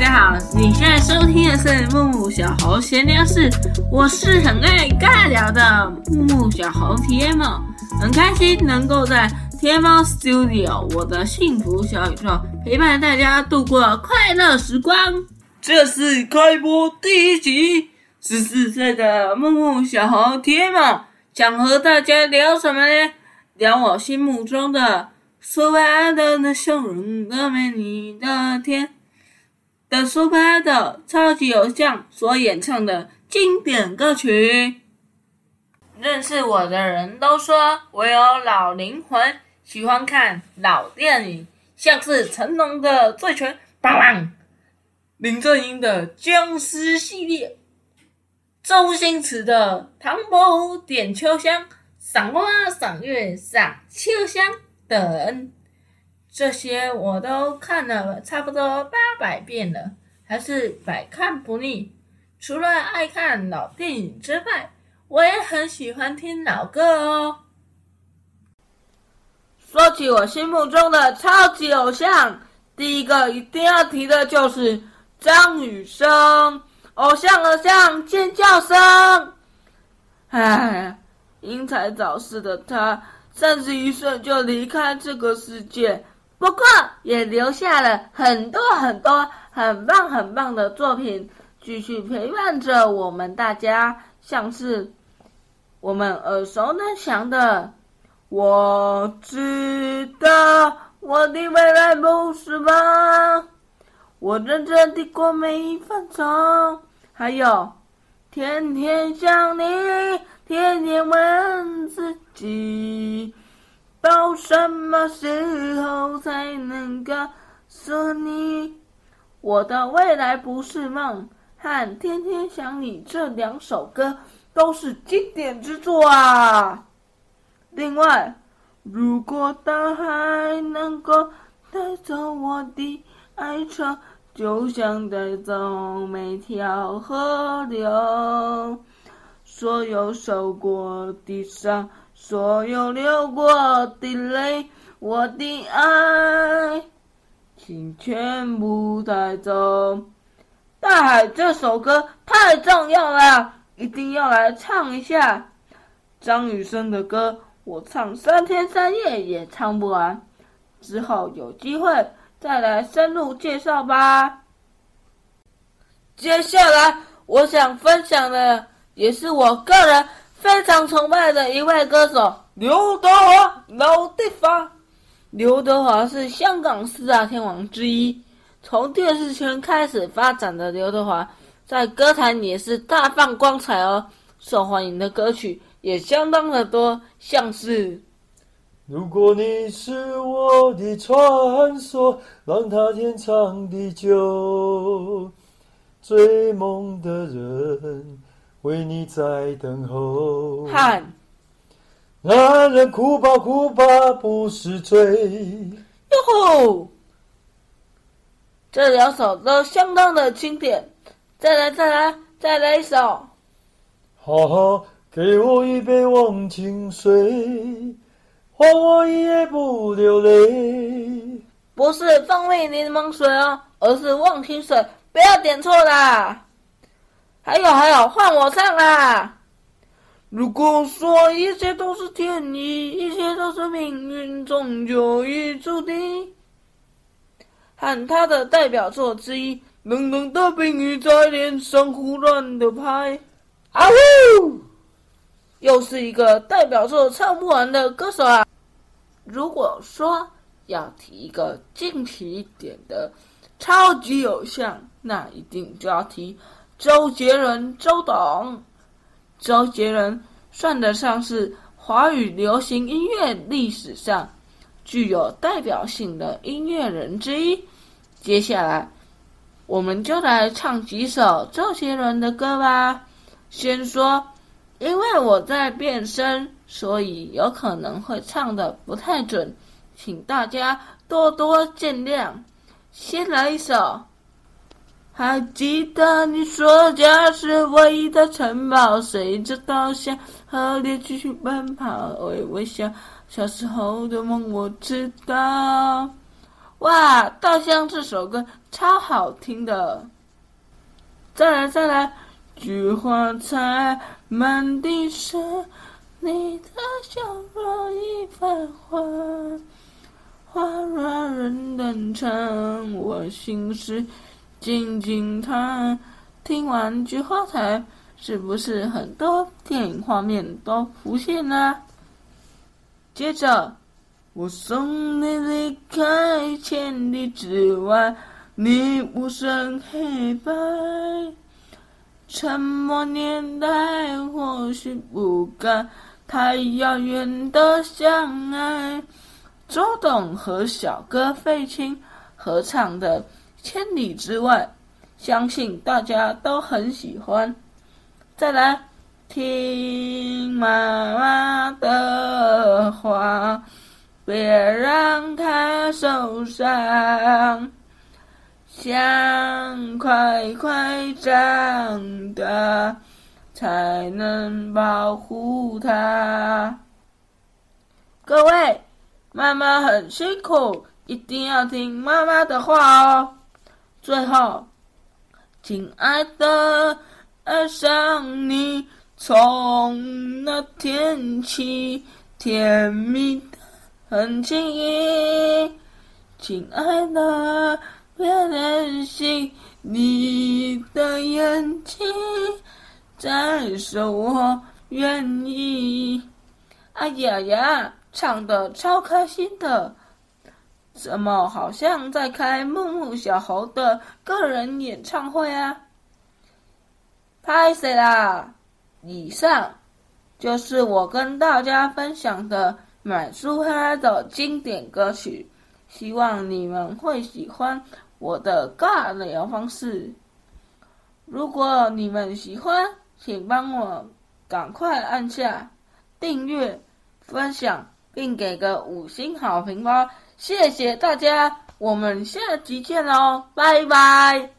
大家好，你現在收聽的是沐沐小猴閒聊室。我是很愛尬聊的沐沐小猴 Tiamo，很開心能夠在 Tiamo Studio 我的幸福小宇宙陪伴大家度過快樂時光。這是開播第一集，十四歲的沐沐小猴 Tiamo 想和大家聊什麼呢？聊我心目中的 Super idol 的那笑容、那美麗的天。的 Super 的超級偶像所演唱的經典歌曲。認識我的人都說我有老靈魂，喜歡看老電影，像是成龍的《醉拳》砰砰、林正英的殭屍系列、周星馳的《唐伯虎點秋香》《賞花賞月賞秋香》等。這些我都看了差不多八百遍了，還是百看不膩。除了愛看老電影之外，我也很喜歡聽老歌哦。說起我心目中的超級偶像，第一個一定要提的就是張雨生。偶像偶像尖叫聲，唉，英才早逝的他，三十一歲就離開這個世界。不過，也留下了很多很多很棒很棒的作品，繼續陪伴着我們大家。像是我們耳熟能詳的《我知道我的未來不是夢》，我認真地過每一分鐘。還有《天天想你》，天天問自己。到什麼時候才能告訴你，我的未來不是夢？和天天想你這兩首歌都是經典之作啊！另外，如果大海能夠帶走我的哀愁，就像帶走每條河流，所有受過的傷。所有流過的淚，我的愛，請全部帶走。大海這首歌太重要了，一定要來唱一下。張雨生的歌，我唱三天三夜也唱不完，之後有機會再來深入介紹吧。接下來我想分享的也是我個人。非常崇拜的一位歌手劉德華，老地方。劉德華是香港四大天王之一，從電視圈開始發展的劉德華，在歌壇也是大放光彩哦，受歡迎的歌曲也相當的多，像是。如果你是我的傳說，讓它天長地久。追夢的人。為你在等候。看喊，男人哭吧哭吧不是罪。喲吼，這兩首都相當的經典，再來再來再來一首。好好，給我一杯忘情水，換我一夜不流淚。不是蜂蜜檸檬水哦，而是忘情水，不要點錯啦。還有還有，換我唱啦、啊！如果說一切都是天意，一切都是命運，終究已註定。和他的代表作之一，《冷冷的冰雨在臉上胡亂的拍》，啊嗚！又是一個代表作唱不完的歌手啊！如果說要提一個近期一點的超級偶像，那一定就要提，周杰倫，周董，周杰倫算得上是華語流行音樂歷史上具有代表性的音樂人之一。接下來，我們就來唱幾首周杰倫的歌吧。先說，因為我在變聲，所以有可能會唱得不太準，請大家多多見諒。先來一首。還記得你說家是唯一的城堡，隨着稻香河流繼續奔跑。微微笑，小時候的夢，我知道。哇，稻香這首歌超好聽的。再來再來，菊花殘，滿地傷，你的笑容已泛黃，花落人斷腸，我心事。靜靜看，聽完《菊花台》，是不是很多電影畫面都浮現了？接着，我送你離開千里之外，你無聲黑白，沉默年代或許不該太遙遠的相愛。周董和小哥費玉清合唱的。千里之外，相信大家都很喜歡。再來，聽媽媽的話，別讓她受傷。想快快長大，才能保護她。各位，媽媽很辛苦，一定要聽媽媽的話哦。最後，親愛的，愛上你從那天起，甜蜜的很輕易。親愛的，別任性，你的眼睛，在說我願意。哎呀呀，唱得超開心的。怎麼，好像在開沐沐小猴的個人演唱會啊！拍謝啦！以上就是我跟大家分享的滿蘇哈的經典歌曲，希望你們會喜歡我的尬聊方式。如果你們喜歡，請幫我趕快按下訂閱、分享。並給個五星好評哦，謝謝大家，我們下期見嘍，拜拜。